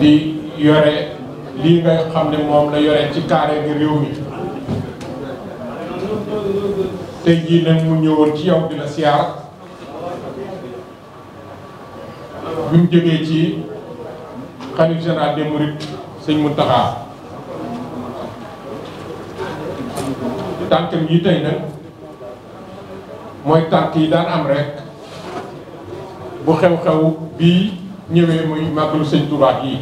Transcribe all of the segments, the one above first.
li yore lii nga xam ne moom la yore ci kaare gi réew mi tey jii nag mu ñëwoon ci yow di la siyaar bi jógee ci xalif général des mourides sëñ Mountakha tànkam yi tey nag mooy tànk yi daan am rek bu xew-xew bii ñëwee muy màggalu sëñ Tuubaa yi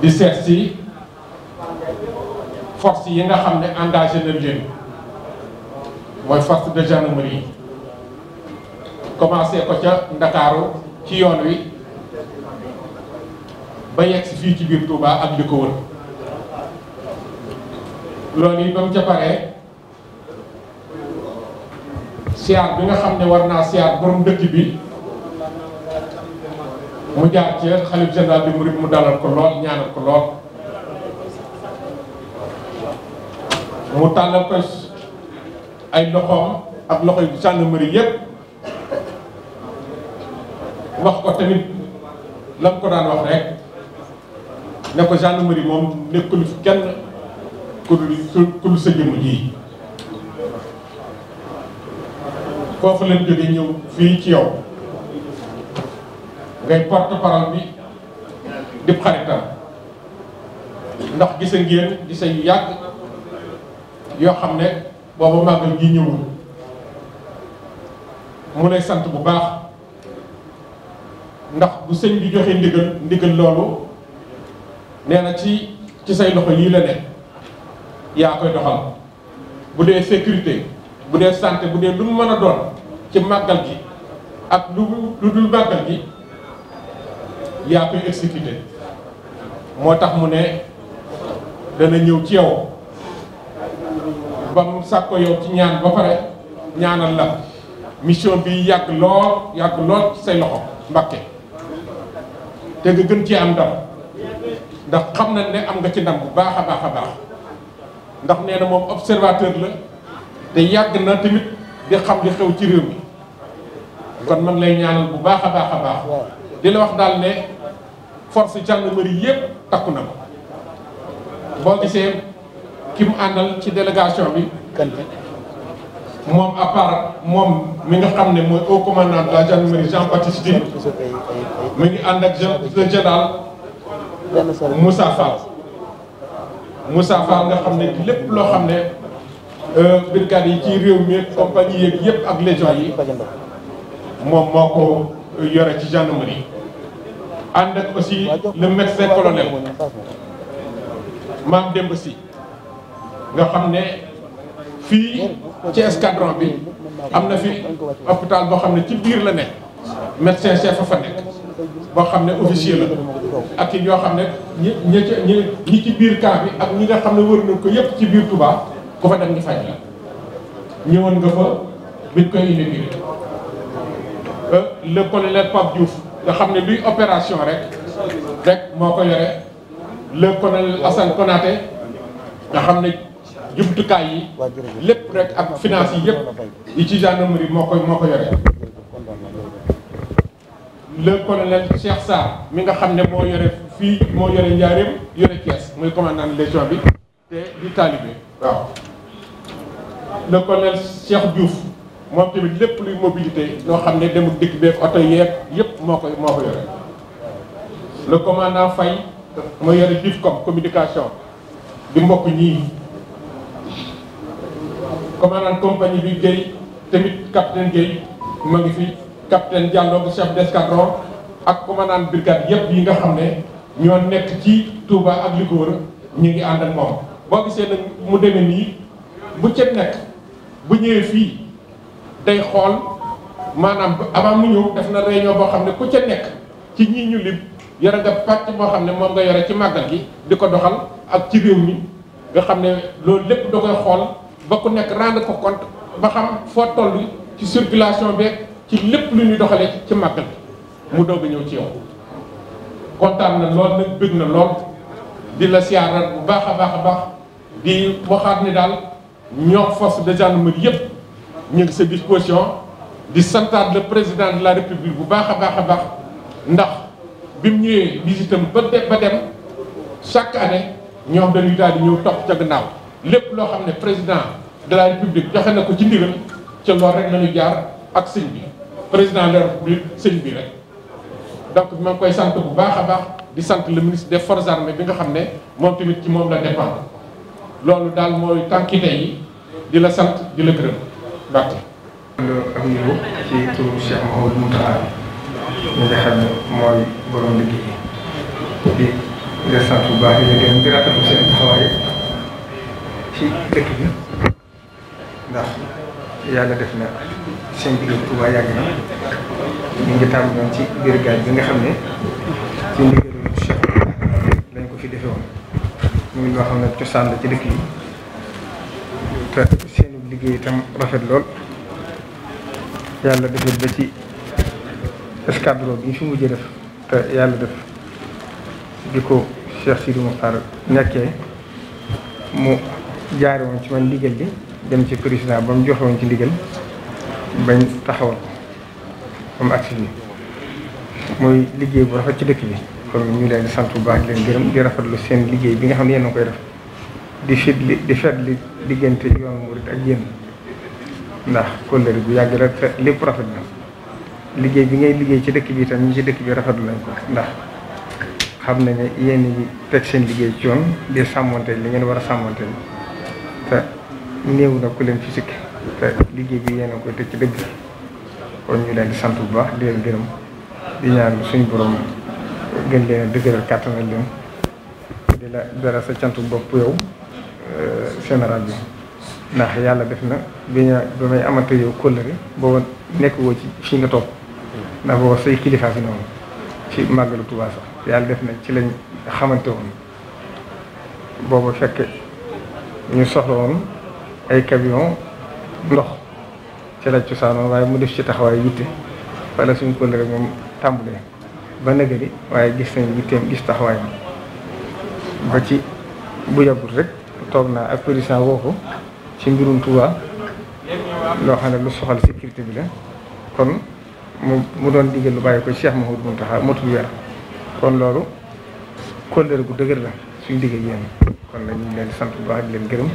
di seet si force yi nga xam ne engagé na leen mooy force de gendarmerie commencé ko ca Ndakaaru ci yoon wi ba yegg si fii ci biir Touba ak li ko wër loolu yi ba mu ca pare siyaar bi nga xam ne war naa siyaar borom dëkk bi mu jaar ci xalif général bi murid mu dalal ko lool ñaanal ko lool mu tàllal ko ay loxoom ak loxo yu gendarmerie yépp wax ko tamit lam ko daan wax rek ne ko gendarmerie moom nekkul fi kenn ku dul ku dul sa jëmm ji foofu leen ñëw fii ci yow ngay porte parole bi dib xaritam ndax gisa ngeen gisa yu yàgg yoo xam ne booba màggal ngi ñëwul mu ne sant bu baax ndax bu sëñ bi joxe ndigal ndigal loolu nee na ci ci say loxo yii la ne yaa koy doxal bu dee sécurité bu dee sante bu dee lu mu mën a doon ci màggal gi ak lu lu dul màggal gi yaa koy exécuté moo tax mu ne dana ñëw ci yow ba mu sàkko yow ci ñaan ba pare ñaanal la mission bi yàgg lool yàgg lool say loxo Mbàkke te nga gën ci am ndam ndax xam na ne am nga ci ndam bu baax a baax a baax ndax nee na moom observateur la te yàgg na tamit di xam li xew ci réew mi kon man lay ñaanal bu baax a baax a baax di la wax daal ne force gendarmerie yëpp takku na ko boo gisee ki mu àndal ci délégation bi. moom a part moom mi nga xam ne mooy haut commandant de la gendarmerie Jean Baptiste Tine mi ngi ànd ak le général Moussa Fall Moussa Fall nga xam ne lépp loo xam ne euh, brigade yi ci réew mi compagnie yeeg yëpp ak légion yi moom moo ko yore ci gendarmerie ànd ak aussi le médecin colonel Mame demb si nga xam ne fii ci escadron bi am na fi hôpital boo xam ne ci biir la nekk médecin chef fa fa nekk boo xam ne officier la ak it yoo xam ne ñi ñi ñi ci biir camp bi ak ñi nga xam ne wër nañ ko yépp ci biir Touba ku fa dem ñu faj la ñëwoon nga fa biñ koy inauguré euh, le colonel Pape Diouf nga xam ne luy opération rek rek moo ko yore le colonel Assane nga xam ne jumtukaay yi lépp rek ak finance yi yëpp yi ci gendarmerie moo ko moo ko yore le colonel Cheikh Sarr mi nga xam ne moo yore fii moo yore Njaaréem yore Thiès muy commandant légion bi te di talibé waaw le colonel Cheikh moo tamit lépp luy mobilité loo xam ne demul dikk beeg oto yeeg yépp moo koy moo ko yore le commandant Faye moo yore DIFCOM communication di mbokk ñii commandant compagnie bi Guèye tamit capitaine Guèye ma ngi fi capitaine Diallo bu chef d'escadron ak commandant brigade yépp yi nga xam ne ñoo nekk ci Touba ak li ko wër ñu ngi ànd ak moom boo gisee nag mu demee nii bu ca nekk bu ñëwee fii tey xool maanaam avant mu ñëw def na réunion boo xam ne ku ca nekk ci ñii ñu lim yore nga pàcc boo xam ne moom nga yore ci màggal gi di ko doxal ak ci réew mi nga xam ne loolu lépp da koy xool ba nekk rendre ko compte ba xam foo toll ci circulation beeg ci lépp lu ñuy doxalee ci màggal gi mu doog a ñëw ci yow kontaan na lool nag bëgg na lool di la siyaaral bu baax a baax a baax di waxaat ni daal ñoo force de gendarmerie yëpp. ñu ngi sa disposition di santaat le président de la république bu baax a baax a baax ndax bi mu ñëwee visitam ba dem ba dem chaque année ñoom dañuy daal di ñëw topp ca gannaaw lépp loo xam ne président de la république joxe na ko ci ndigal ca loolu rek jaar ak bi président de la république sëñ rek donc maa ngi koy sant bu baax a baax di sant le ministre des forces armées bi nga xam ne moom tamit ci moom la dépendre loolu daal mooy tànki yi di la sant di la gërëm Mbacke. am niveau ci turu Cheikh Mouhamadou Mountakha mi nga xam ne mooy borom liggéey bi di sant bu baax di leen gën a rafetlu seen taxawaay ci dëkk bi def na seen diggante yàgg na ñu ngi tàmbali ci biir gaaj bi nga xam ne ci ndigalu Cheikh lañ ko fi defee woon ngi loo xam ne cosaan la ci dëkk yi liggéey rafet lool yàlla defal ba ci escadron bi ñu fi mujjee def te yàlla def di ko Cheikh Sidi Mokhtar nekkee mu jaare woon ci man ndigal bi dem ci président ba mu joxe woon ci ndigal bañ taxawal ba mu agsi bi mooy liggéey bu rafet ci dëkk bi kon ñu leen sant bu baax di leen gërëm di rafetlu seen liggéey bi nga xam ne yéen koy def di fitli di fetli diggante yoonu murit ak yéen ndax kóllëre gu yàgg la lépp rafet na liggéey bi ngay liggéey ci dëkk bi tam ñi ci dëkk bi rafetlu nañ ko ndax xam na ne yéen ñi teg seen liggéey ci yoon di sàmmonte li ngeen war a sàmmonte te néewu na ko leen fi sikk te liggéey bi yéen a koy teg ci dëgg kon ñu leen di sant bu baax di leen gërëm di ñaan suñu borom gën leen a kàttanal leen di la dara sa cantu bopp yow général bi ndax yàlla def na bi ñu bi may amante yow kóllëre booba nekk woo ci fii nga toog ndax booba kilifa fi màggalu Tuubaa sax yàlla def na ci lañ xamante woon booba fekk ñu soxla woon ay camion ndox ci la cosaanoon waaye mu def ci taxawaay yitte wala suñ kóllëre moom tàmbulee ba nëgëri waaye gis nañ yitteem gis taxawaay ba ci bu yàggul rek toog naa ak président woo ko ci mbirum Touba loo xam ne lu soxal sécurité bi la kon mu mu doon digal lu bàyyi ko Cheikh mu Mountakha motul weer kon loolu kóllëre gu dëgër la suñ digg ak kon nag ñu ngi leen sant bu baax di leen gërëm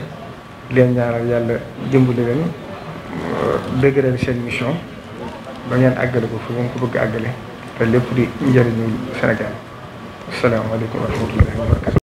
leen ñaanal yàlla jëmbale leen euh, dëgëral seen mission ba ngeen àggale ko fu ngeen ko bëgg àggale te lépp di njëriñu Sénégal asalaamaaleykum wa rahmatullahi wa